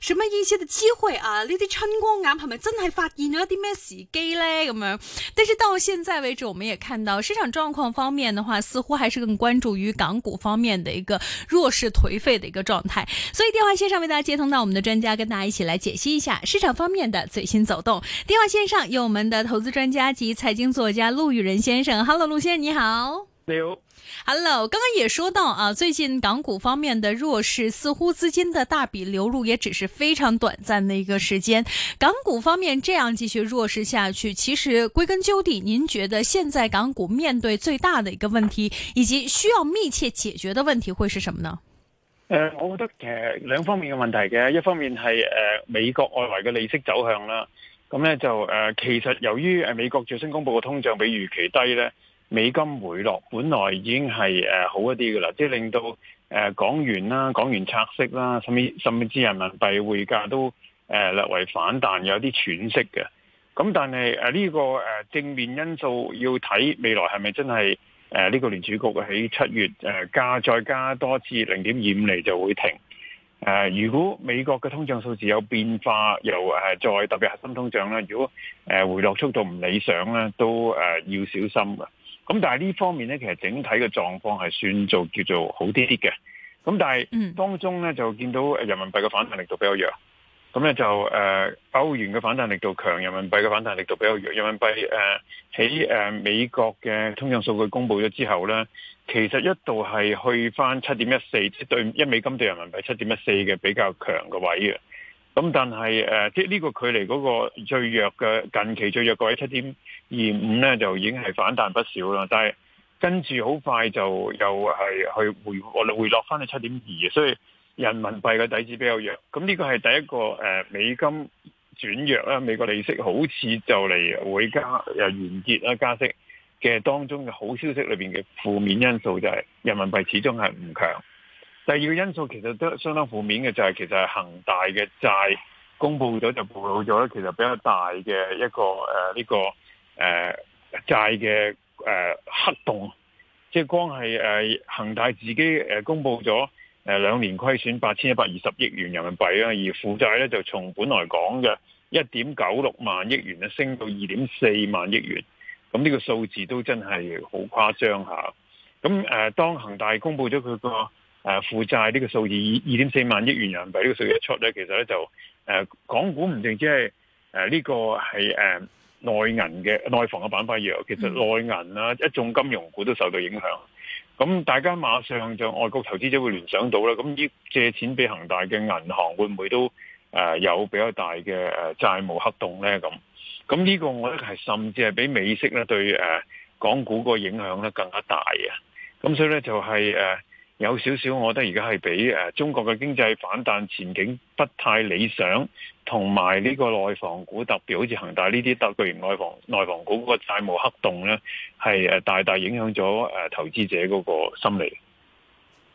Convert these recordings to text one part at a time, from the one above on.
什麼意思的機會啊？呢啲春光眼係咪真係發現咗啲咩時機呢？咁樣，但是到現在為止，我們也看到市場狀況方面的話，似乎還是更關注於港股方面的一個弱勢頹廢的一個狀態。所以電話線上為大家接通到我們的專家，跟大家一起來解析一下市場方面的最新走動。電話線上有我們的投資專家及財經作家陸羽仁先生。Hello，陸先生，你好。你好。Hello，剛剛也說到啊，最近港股方面的弱勢似乎資金的大筆流入，也只是非常短暫的一個時間。港股方面這樣繼續弱勢下去，其實歸根究底，您覺得現在港股面對最大的一個問題，以及需要密切解決的問題會是什麼呢？呃、我覺得其實兩方面嘅問題嘅，一方面係、呃、美國外圍嘅利息走向啦，咁呢就、呃、其實由於美國最新公布嘅通脹比預期低呢。美金回落，本來已經係誒好一啲嘅啦，即係令到誒港元啦、港元拆息啦，甚至甚至人民幣匯價都誒略為反彈，有啲喘息嘅。咁但係誒呢個誒正面因素，要睇未來是不是，係咪真係誒呢個聯儲局喺七月誒加再加多次零點二五厘就會停？誒如果美國嘅通脹數字有變化，又誒再特別核心通脹啦，如果誒回落速度唔理想咧，都誒要小心嘅。咁但係呢方面咧，其實整體嘅狀況係算做叫做好啲啲嘅。咁但係當中咧就見到人民幣嘅反彈力度比較弱，咁咧就、呃、歐元嘅反彈力度強，人民幣嘅反彈力度比較弱。人民幣誒喺、呃呃、美國嘅通脹數據公布咗之後咧，其實一度係去翻七點一四，即對一美金對人民幣七點一四嘅比較強嘅位嘅。咁但係誒，即、呃、呢、呢個距離嗰個最弱嘅近期最弱個位七點二五咧就已經係反彈不少啦，但係跟住好快就又係去回回落翻去七點二，所以人民幣嘅底子比較弱。咁呢個係第一個美金轉弱啦，美國利息好似就嚟會加又完結啦。加息嘅當中嘅好消息裏面嘅負面因素就係人民幣始終係唔強。第二個因素其實都相當負面嘅，就係其實恒大嘅債公布咗就暴露咗其實比較大嘅一個誒呢、呃這個。誒債嘅誒黑洞，即係光係誒、呃、恒大自己誒公布咗誒兩年虧損八千一百二十億元人民幣，而負債咧就從本來講嘅一點九六萬億元升到二點四萬億元，咁呢個數字都真係好誇張吓。咁誒、呃、當恒大公布咗佢、呃、個誒負債呢個數字二二點四萬億元人民幣呢個數字一出咧，其實咧就誒港股唔淨只係誒呢個係誒。呃內銀嘅內房嘅板塊弱，其實內銀啊，一眾金融股都受到影響。咁大家馬上就外國投資者會聯想到啦。咁依借錢俾恒大嘅銀行會唔會都誒有比較大嘅債務黑洞咧？咁咁呢個我覺得係甚至係比美息咧對誒港股個影響咧更加大啊！咁所以咧就係、是、誒。有少少，我覺得而家係比誒中國嘅經濟反彈前景不太理想，同埋呢個內房股特別好似恒大呢啲，特別外房內房股個債務黑洞咧，係誒大大影響咗誒投資者嗰個心理。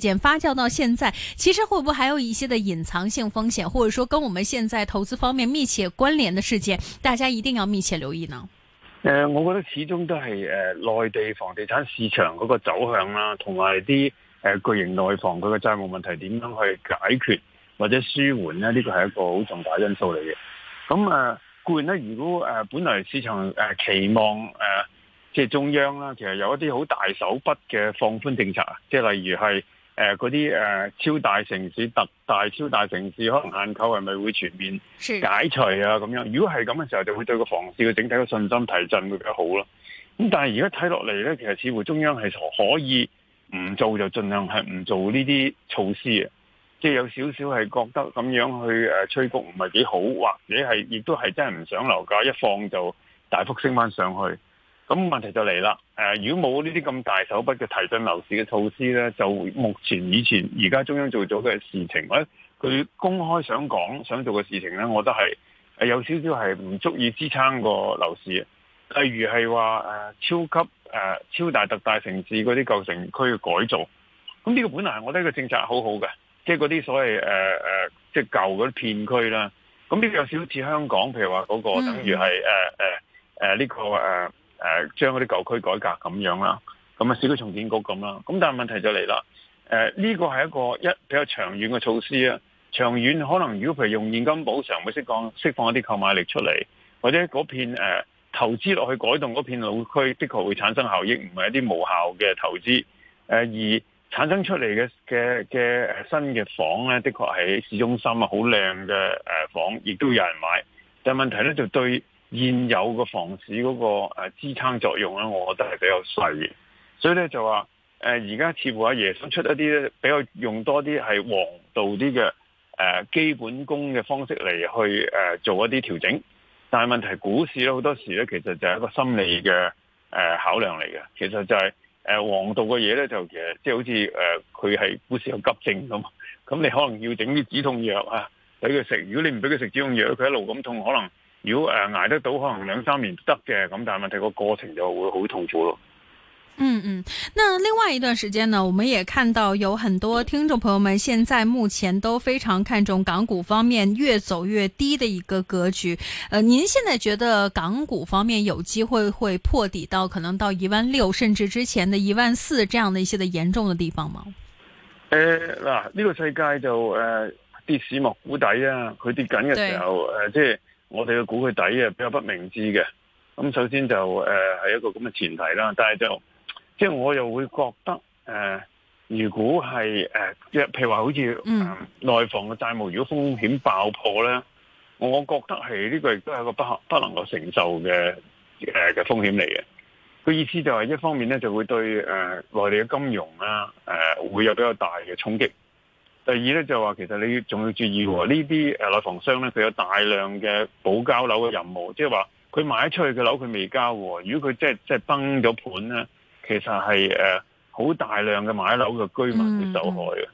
件發酵到現在，其實會不會還有一些的隱藏性風險，或者說跟我們現在投資方面密切關聯的事件，大家一定要密切留意呢？誒、呃，我覺得始終都係誒內地房地產市場嗰個走向啦，同埋啲誒巨型內房佢嘅債務問題點樣去解決或者舒緩呢，呢、呢個係一個好重大因素嚟嘅。咁、嗯、啊固然咧，如果誒、呃、本來市場誒、呃、期望誒、呃、即係中央啦，其實有一啲好大手筆嘅放寬政策，即係例如係。誒嗰啲誒超大城市、特大超大城市，可能限購，係咪會全面解除啊？咁樣如果係咁嘅時候，就會對個房市嘅整體嘅信心提振會比較好咯、啊。咁但係而家睇落嚟咧，其實似乎中央係可以唔做就盡量係唔做呢啲措施啊。即係有少少係覺得咁樣去誒吹風唔係幾好，或者係亦都係真係唔想樓價一放就大幅升翻上去。咁問題就嚟啦、呃，如果冇呢啲咁大手筆嘅提振樓市嘅措施咧，就目前以前而家中央做咗嘅事情或者佢公開想講想做嘅事情咧，我覺得係有少少係唔足以支撐個樓市，例如係話、啊、超級、啊、超大特大城市嗰啲舊城區嘅改造，咁呢個本來係我覺得個政策好好嘅，即係嗰啲所謂即、啊啊即係、舊嗰啲片區啦。咁呢個有少少似香港，譬如話嗰個等於係誒誒呢個誒。啊誒將嗰啲舊區改革咁樣啦，咁啊市區重建局咁啦，咁但係問題就嚟啦，誒、呃、呢、這個係一個一比較長遠嘅措施啊，長遠可能如果譬如用現金補償，會釋放釋放一啲購買力出嚟，或者嗰片誒、呃、投資落去改動嗰片老區，的確會產生效益，唔係一啲無效嘅投資。誒、呃、而產生出嚟嘅嘅嘅新嘅房咧，的確喺市中心啊，好靚嘅誒房，亦都有人買。但係問題咧就對現有嘅房市嗰個誒支撐作用咧，我覺得係比較細嘅，所以咧就話誒而家似乎阿爺想出一啲比較用多啲係黃道啲嘅誒基本功嘅方式嚟去誒做一啲調整，但係問題是股市咧好多時咧其實就係一個心理嘅誒考量嚟嘅，其實就係誒黃道嘅嘢咧就其實即係好似誒佢係股市有急症咁，咁你可能要整啲止痛藥啊俾佢食，給他吃。如果你唔俾佢食止痛藥，佢一路咁痛可能。如果誒捱得到，可能兩三年得嘅，咁但係問題個過程就會好痛苦咯。嗯嗯，那另外一段時間呢，我們也看到有很多聽眾朋友們，現在目前都非常看重港股方面越走越低的一個格局。誒、呃，您現在覺得港股方面有機會會破底到可能到一萬六，甚至之前的一萬四這樣的一些的嚴重的地方嗎？誒、呃，嗱，呢、這個世界就誒跌市摸谷底啊，佢跌緊嘅時候誒、呃、即係。我哋嘅估佢底啊，比較不明智嘅。咁首先就誒係一個咁嘅前提啦。但係就即係、就是、我又會覺得誒、呃，如果係誒，即、呃、係譬如話好似、呃嗯、內房嘅債務，如果風險爆破咧，我覺得係呢、這個亦都係一個不不能夠承受嘅誒嘅風險嚟嘅。個意思就係一方面咧就會對誒、呃、內地嘅金融啊誒、呃、會有比較大嘅衝擊。第二咧就係、是、話、哦呃就是就是就是，其實你仲要注意喎，呢啲誒內房商咧，佢有大量嘅補交樓嘅任務，即係話佢賣出去嘅樓佢未交，如果佢即係即係崩咗盤咧，其實係好大量嘅買樓嘅居民會受害嘅。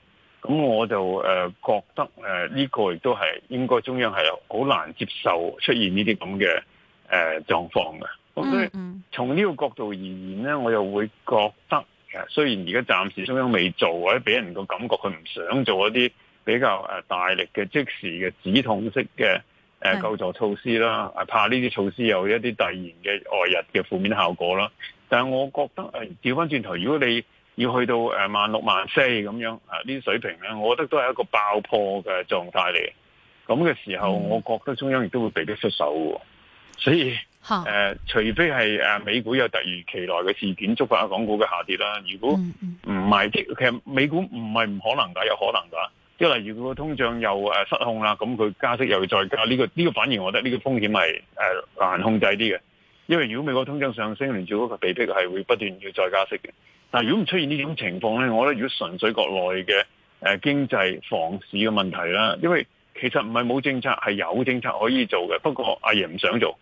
咁、mm-hmm. 我就誒、呃、覺得呢、呃呢個亦都係應該中央係好難接受出現呢啲咁嘅誒狀況嘅。咁、mm-hmm. 所以從呢個角度而言咧，我又會覺得。雖然而家暫時中央未做，或者俾人個感覺佢唔想做一啲比較誒大力嘅即時嘅止痛式嘅誒救助措施啦，怕呢啲措施有一啲突然嘅外日嘅負面效果啦。但係我覺得誒，調翻轉頭，如果你要去到誒萬六萬四咁樣啊呢啲水平咧，我覺得都係一個爆破嘅狀態嚟。咁嘅時候，嗯，我覺得中央亦都會被迫出手喎。所以誒、啊，除非係誒美股有突如其來嘅事件觸發港股嘅下跌啦。如果唔係，即、嗯、其實美股唔係唔可能噶，有可能噶。即係例如果通脹又誒失控啦，咁佢加息又要再加，呢、這個呢、這個反而我覺得呢個風險係誒、呃、難控制啲嘅。因為如果美國通脹上升，連住嗰個被逼係會不斷要再加息嘅。但係如果唔出現呢種情況咧，我覺得如果純粹國內嘅誒、呃、經濟房市嘅問題啦，因為其實唔係冇政策，係有政策可以做嘅。不過阿爺唔想做。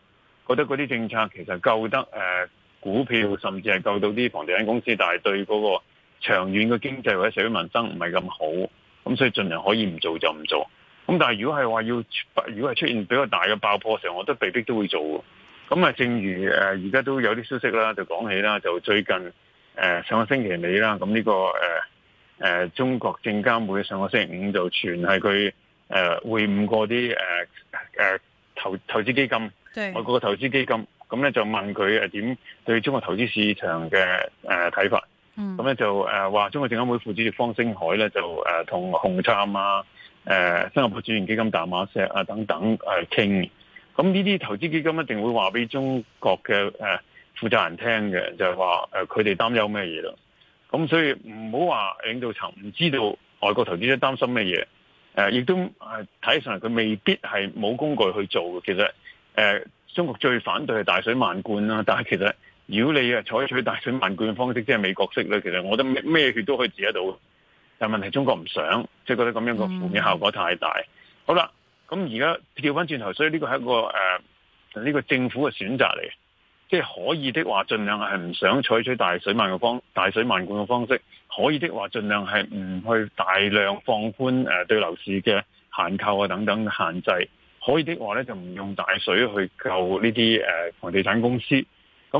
覺得嗰啲政策其實救得誒、呃、股票，甚至係救到啲房地產公司，但係對嗰個長遠嘅經濟或者社會民生唔係咁好，咁所以盡量可以唔做就唔做。咁但係如果係話要，如果係出現比較大嘅爆破時候，我覺得被逼都會做。咁啊，正如誒而家都有啲消息啦，就講起啦，就最近誒、呃、上個星期尾啦，咁呢、這個誒誒、呃、中國證監會上個星期五就傳係佢誒會晤過啲誒、呃、投投資基金。外國嘅投資基金，咁咧就問佢誒點對中國投資市場嘅誒睇法，咁、嗯、咧就誒話中國證監會副主席方星海咧就誒同紅杉啊、誒新加坡主權基金淡馬錫啊等等誒傾，咁呢啲投資基金一定會話俾中國嘅誒負責人聽嘅，就係話誒佢哋擔憂咩嘢咯，咁所以唔好話領導層唔知道外國投資者擔心咩嘢，誒亦都係睇上嚟佢未必係冇工具去做嘅，其實。誒，中國最反對係大水漫灌啦，但係其實如果你係採取大水漫灌嘅方式，即係美國式咧，其實我覺得咩咩血都可以治得到，但係問題是中國唔想，即係覺得咁樣一個負面的效果太大。嗯、好啦，咁而家調翻轉頭，所以呢個係一個誒，呢、呃呢個政府嘅選擇嚟，即、就、係、是、可以的話，儘量係唔想採取大水漫嘅方大水漫灌嘅方式；可以的話，儘量係唔去大量放寬誒對樓市嘅限購啊等等限制。可以的話咧，就唔用大水去救呢啲誒房地產公司。咁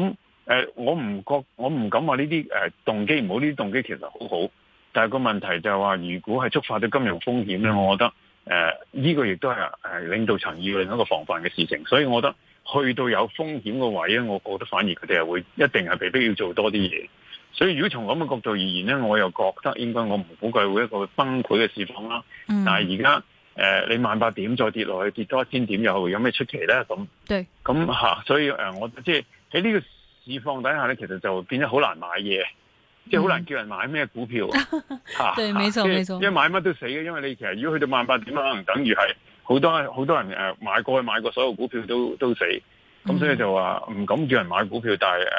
誒、呃，我唔覺，我唔敢話呢啲誒動機唔好，呢啲動機其實好好。但係個問題就係話，如果係觸發到金融風險咧，我覺得誒呢、呃這個亦都係誒領導層要另一個防範嘅事情。所以我覺得去到有風險嘅位咧，我覺得反而佢哋係會一定係被逼要做多啲嘢。所以如果從咁嘅角度而言咧，我又覺得應該我唔估計會一個崩潰嘅市況啦。但係而家。嗯。誒、呃，你萬八點再跌落去，跌多一千點又有，有咩出奇咧？咁，對，咁、啊、吓，所以誒、呃，我即係喺呢個市況底下咧，其實就變咗好難買嘢、嗯，即係好難叫人買咩股票吓、 啊。對，冇錯，冇、啊、錯。一買乜都死嘅，因為你其實如果去到萬八點，可能等於係好多好多人誒、呃、買過去買過所有股票都都死，咁、嗯啊、所以就話唔敢叫人買股票，但係誒。呃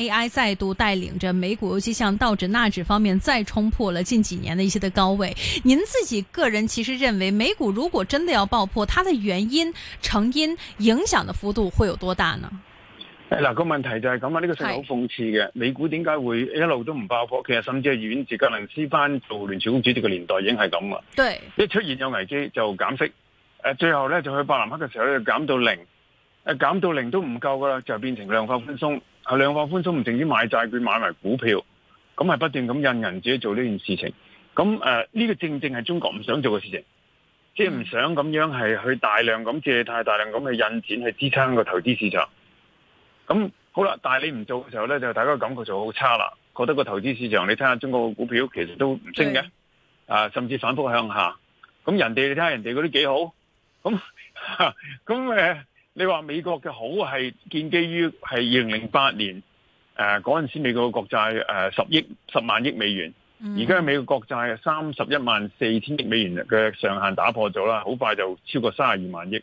A.I. 再度帶領着美股，尤其像道指、納指方面，再衝破了近幾年的一些的高位。您自己個人其實認為，美股如果真的要爆破，它的原因、成因、影響的幅度會有多大呢？誒嗱，個問題就係咁啊，呢、這個其實好諷刺嘅，美股點解會一路都唔爆破？其實甚至係遠至格林斯潘做聯儲局主席嘅年代已經係咁啦。對，一出現有危機就減息，誒、呃，最後咧就去伯南克嘅時候咧就減到零。減到零都唔夠噶啦，就變成量化寬鬆。係量化寬鬆唔淨止買債券、買埋股票，咁係不斷咁印銀紙做呢件事情。咁誒，呢、呃呢個正正係中國唔想做嘅事情，即係唔想咁樣係去大量咁借貸、大量咁去印錢去支撐個投資市場。咁好啦，但係你唔做嘅時候呢，就大家感覺就好差啦。覺得個投資市場，你睇下中國嘅股票其實都唔升嘅，啊，甚至反覆向下。咁人哋你睇下人哋嗰啲幾好，咁咁誒。你話美國嘅好係建基於係二零零八年誒嗰陣時美國國債誒十億十萬億美元，而、嗯、家美國國債啊三十一萬四千億美元嘅上限打破咗啦，好快就超過三十二萬億。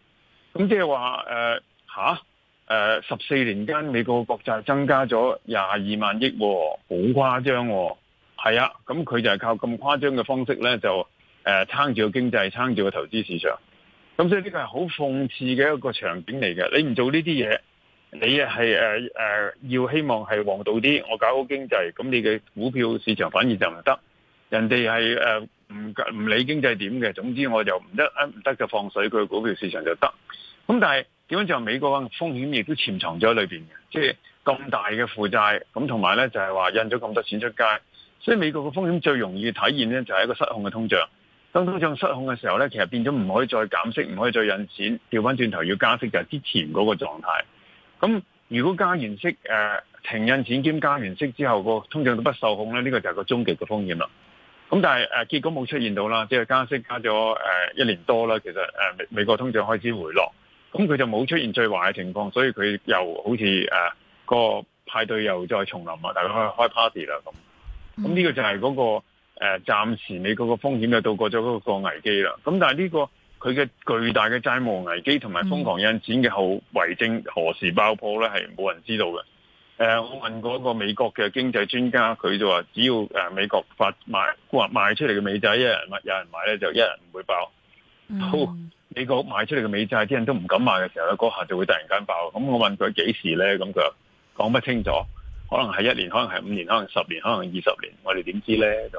咁即係話誒吓誒十四年間美國國債增加咗廿二萬億，哦，好誇張。係啊，咁佢就係靠咁誇張嘅方式咧，就誒撐住個經濟，撐住個投資市場。咁所以呢個係好諷刺嘅一個場景嚟嘅。你唔做呢啲嘢，你啊係誒誒要希望係旺到啲，我搞好經濟，咁你嘅股票市場反而就唔得。人哋係誒唔唔理經濟點嘅，總之我就唔得，唔得就放水，佢嘅股票市場就得。咁但係點樣就美國嘅風險亦都潛藏咗喺裏面嘅，即係咁大嘅負債，咁同埋咧就係話印咗咁多錢出街，所以美國嘅風險最容易體現咧就係一個失控嘅通脹。通脹失控嘅時候咧，其實變咗唔可以再減息，唔可以再印錢，調翻轉頭要加息，就係之前嗰個狀態。咁如果加完息，誒、呃、停印錢兼加完息之後，個通脹都不受控咧，呢、呢個就係個終極嘅風險啦。咁但係誒、呃、結果冇出現到啦，即係加息加咗誒、呃、一年多啦，其實誒美、呃、美國通脹開始回落，咁佢就冇出現最壞嘅情況，所以佢又好似誒、呃、個派對又再重臨啊，大家可以開 party 啦咁。咁呢個就係嗰、嗰個。誒、呃，暫時美國個風險就度過咗嗰個危機啦。咁但係呢個佢嘅巨大嘅債務危機同埋瘋狂印錢嘅後遺症何時爆破咧，係冇人知道嘅。誒、呃，我問過一個美國嘅經濟專家，佢就話只要誒美國發賣或賣出嚟嘅美債，一人有人買咧，就一人唔會爆。好、嗯哦，美國賣出嚟嘅美債，啲人都唔敢買嘅時候咧，嗰下就會突然間爆。咁我問佢幾時咧，咁佢講不清楚，可能係一年，可能係五年，可能是十年，可能是二十年，我哋點知咧就？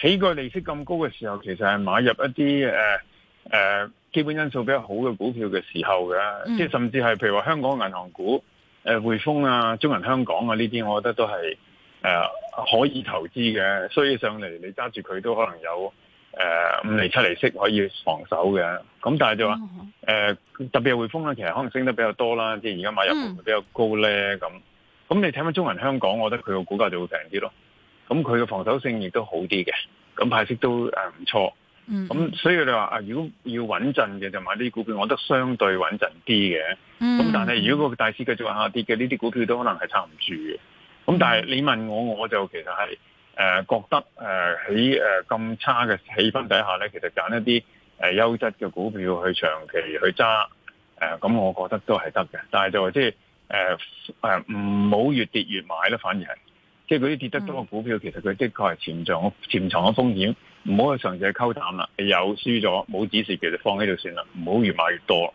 起個利息咁高嘅時候，其實係買入一啲誒誒基本因素比較好嘅股票嘅時候嘅、嗯，即係甚至係譬如話香港銀行股，誒、呃、匯豐啊、中銀香港啊呢啲，我覺得都係誒、呃、可以投資嘅，所以上嚟你揸住佢都可能有誒五厘、呃、七厘息可以防守嘅。咁但係就話誒、嗯呃、特別係匯豐、啊、其實可能升得比較多啦，即係而家買入股、嗯、會比較高咧。咁咁你睇翻中銀香港，我覺得佢個股價就會平啲咯。咁佢嘅防守性亦都好啲嘅，咁派息都誒唔錯。咁、嗯、所以你話啊，如果要穩陣嘅就買啲股票，我覺得相對穩陣啲嘅。咁、嗯、但係如果個大市繼續下跌嘅，呢啲股票都可能係撐唔住嘅。咁但係你問我，我就其實係誒、呃、覺得誒喺誒咁差嘅氣氛底下咧，其實揀一啲誒優質嘅股票去長期去揸誒，咁、呃、我覺得都係得嘅。但係就話、是，即係誒唔好越跌越買啦，反而係。即係嗰啲跌得多嘅股票，其實佢的確係潛藏潛藏嘅風險，唔好去嘗試去溝淡啦。有輸咗冇指示，其實放喺度算啦，唔好越買越多。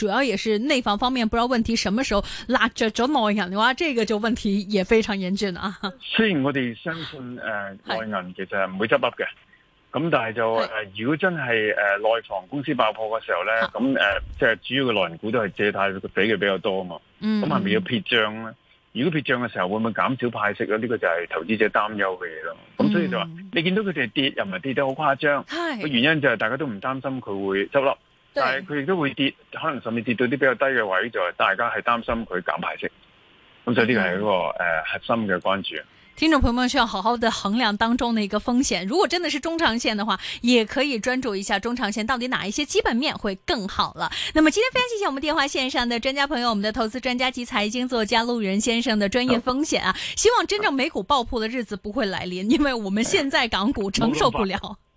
主要也是內房方面，不知道問題什麼時候拉着咗外嘅話這個就問題也非常嚴峻啊！雖然我哋相信誒外銀其實係唔會執笠嘅，咁但係就誒、呃、如果真係誒內房公司爆破嘅時候咧，咁誒即係主要嘅內人股都係借貸俾嘅比較多啊嘛，咁係咪要撇賬咧？如果撇賬嘅時候會唔會減少派息咧？呢、這個就係投資者擔憂嘅嘢咯。咁所以就話、嗯、你見到佢哋跌又唔係跌得好誇張，個原因就係大家都唔擔心佢會執笠。對，但係佢亦都會跌，可能甚至跌到啲比較低嘅位，就係大家係擔心佢減派息。咁所以呢個係一個誒、嗯呃、核心嘅關注。聽眾朋友們需要好好的衡量當中的一個風險。如果真的是中長線嘅話，也可以專注一下中長線到底哪一些基本面會更好了。那麼今天非常謝謝我們電話綫上的專家朋友，我們的投資專家及財經作家陸羽仁先生的專業風險啊。希望真正美股爆破嘅日子不會來臨，因為我們現在港股承受不了。哎